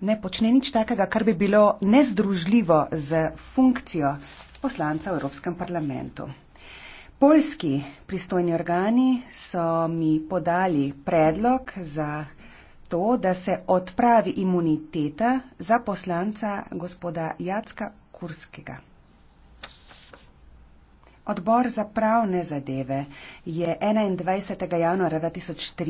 ne počne nič takega, kar bi bilo nezdružljivo z funkcijo poslanca v Evropskem parlamentu. Poljski pristojni organi so mi podali predlog za to, da se odpravi imuniteta za poslanca gospoda Jacka Kurskega. Odbor za pravne zadeve je 21. januarja 2003